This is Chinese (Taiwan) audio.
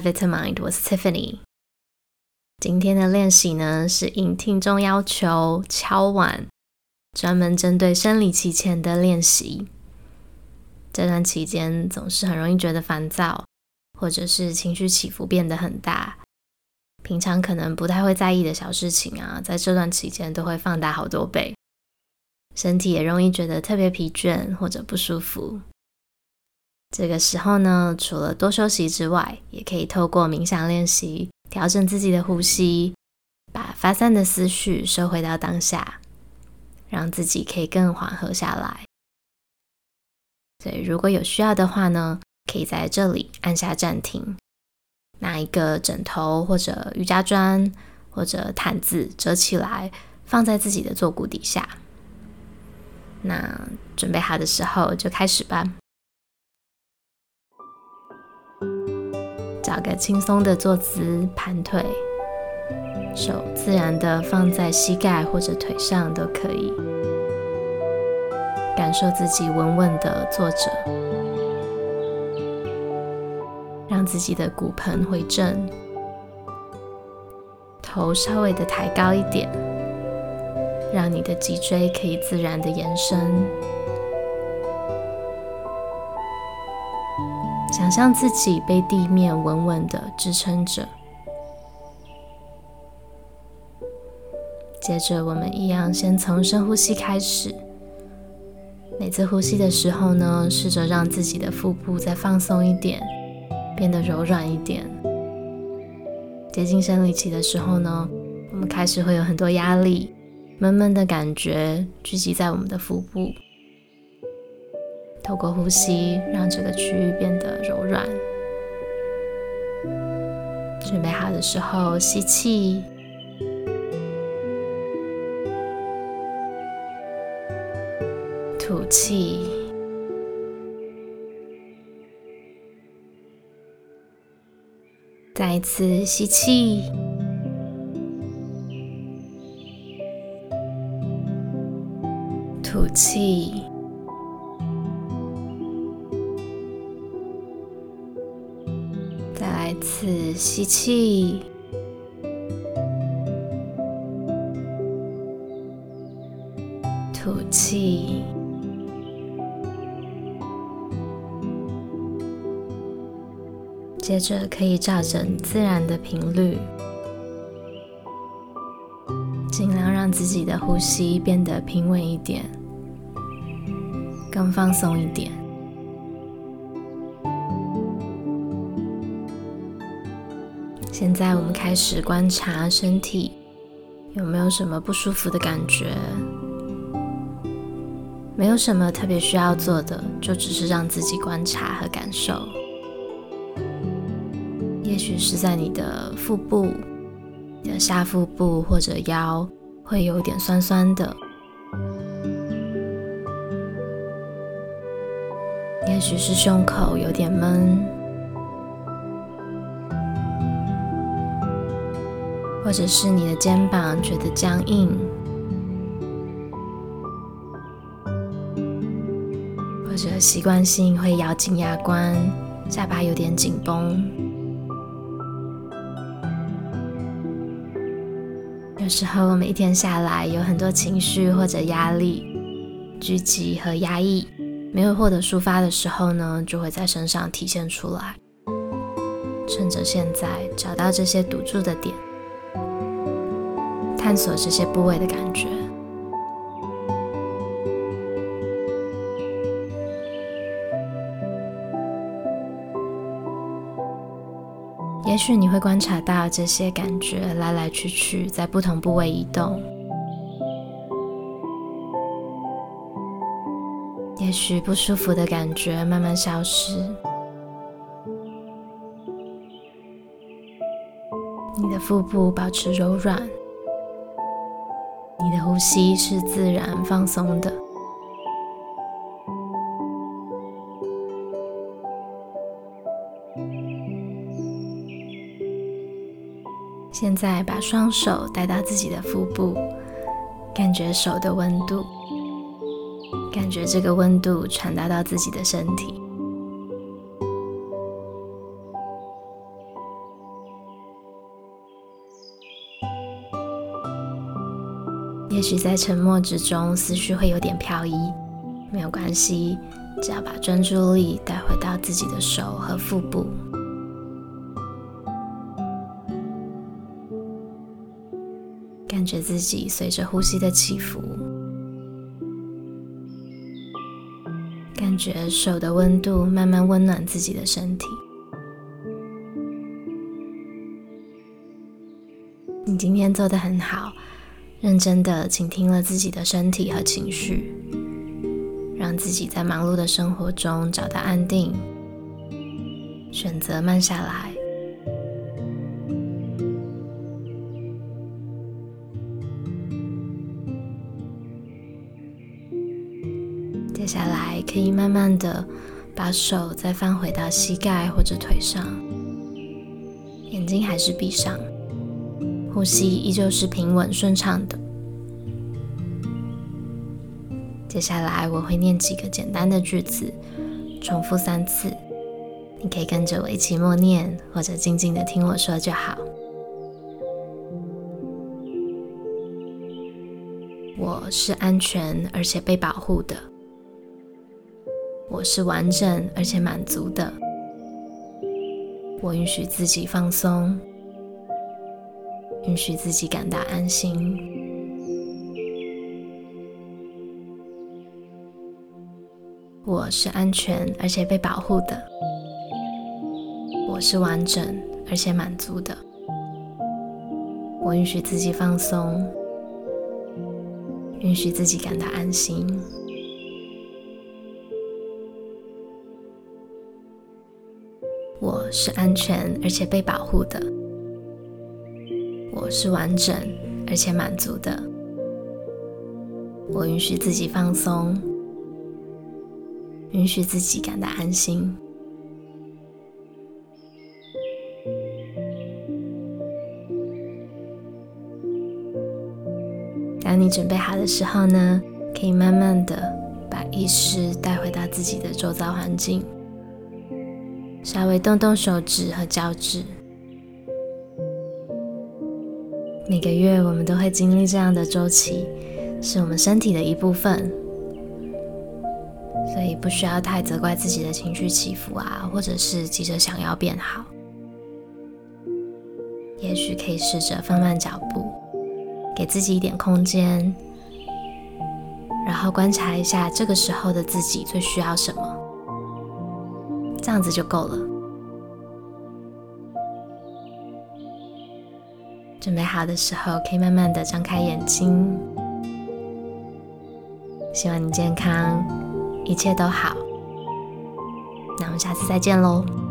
Vitamind with Tiffany。今天的練習呢是應聽眾要求敲碗，專門針對生理期前的練習。這段期間總是很容易覺得煩躁，或者是情緒起伏變得很大。平常可能不太會在意的小事情啊，在這段期間都會放大好多倍。身體也容易覺得特別疲倦或者不舒服。這個時候呢，除了多休息之外，也可以透過冥想練習，調整自己的呼吸，把發散的思緒收回到當下，讓自己可以更緩和下來。對，如果有需要的話呢，可以在這裡按下暫停，拿一個枕頭或者瑜伽磚或者毯子折起來，放在自己的坐骨底下。那準備好的時候就開始吧。找個輕鬆的坐姿，盤腿，手自然的放在膝蓋或者腿上都可以。感受自己穩穩的坐着，讓自己的骨盆回正，頭稍微的抬高一點，讓你的脊椎可以自然的延伸。想象自己被地面穩穩的支撐着。接着，我們一樣先從深呼吸開始。每次呼吸的時候呢，試着讓自己的腹部再放鬆一點，變得柔軟一點。接近生理期的時候呢，我們開始會有很多壓力，悶悶的感覺聚集在我們的腹部。透過呼吸，讓這個區域變得柔軟。準備好的時候，吸氣，吐氣，再一次吸氣，吐氣。吸氣，吐氣，接着可以照着自然的頻率，盡量讓自己的呼吸變得平穩一點，更放鬆一點。現在我們開始觀察身體，有沒有什麼不舒服的感覺？沒有什麼特別需要做的，就只是讓自己觀察和感受。也許是在你的腹部、你的下腹部或者腰會有點酸酸的，也許是胸口有點悶。或者是你的肩膀覺得僵硬，或者習慣性會咬緊牙關，下巴有點緊繃。有時候我們一天下來有很多情緒或者壓力聚集和壓抑，沒有獲得抒發的時候呢，就會在身上體現出來。趁着現在，找到這些堵住的點。探索這些部位的感覺。也許你會觀察到這些感覺來來去去，在不同部位移動。也許不舒服的感覺慢慢消失。你的腹部保持柔軟。的呼吸是自然放鬆的。現在把雙手帶到自己的腹部，感覺手的溫度，感覺這個溫度傳達到自己的身體。也許在沉默之中，思緒會有點飄移，沒有關係，只要把專注力帶回到自己的手和腹部，感覺自己隨着呼吸的起伏，感覺手的溫度慢慢溫暖自己的身體。你今天做得很好。認真的傾聽了自己的身體和情緒，讓自己在忙碌的生活中找到安定，選擇慢下來。接下來可以慢慢的把手再放回到膝蓋或者腿上，眼睛還是閉上。呼吸依舊是平穩順暢的。接下來我會念幾個簡單的句子，重複三次，你可以跟着我一起默念，或者靜靜地聽我說就好。我是安全而且被保護的，我是完整而且滿足的，我允許自己放鬆。允許自己感到安心。我是安全而且被保護的。我是完整而且滿足的。我允許自己放鬆。允許自己感到安心。我是安全而且被保護的。我是完整而且滿足的，我允許自己放鬆，允許自己感到安心。當你準備好的時候呢，可以慢慢的把意識帶回到自己的周遭環境，稍微動動手指和腳趾。每個月我們都會經歷這樣的周期，是我們身體的一部分，所以不需要太責怪自己的情緒起伏啊，或者是急着想要變好。也許可以試着放慢腳步，給自己一點空間，然後觀察一下這個時候的自己最需要什麼，這樣子就夠了。準備好的時候，可以慢慢的張開眼睛。希望你健康，一切都好。那我們下次再見嘍。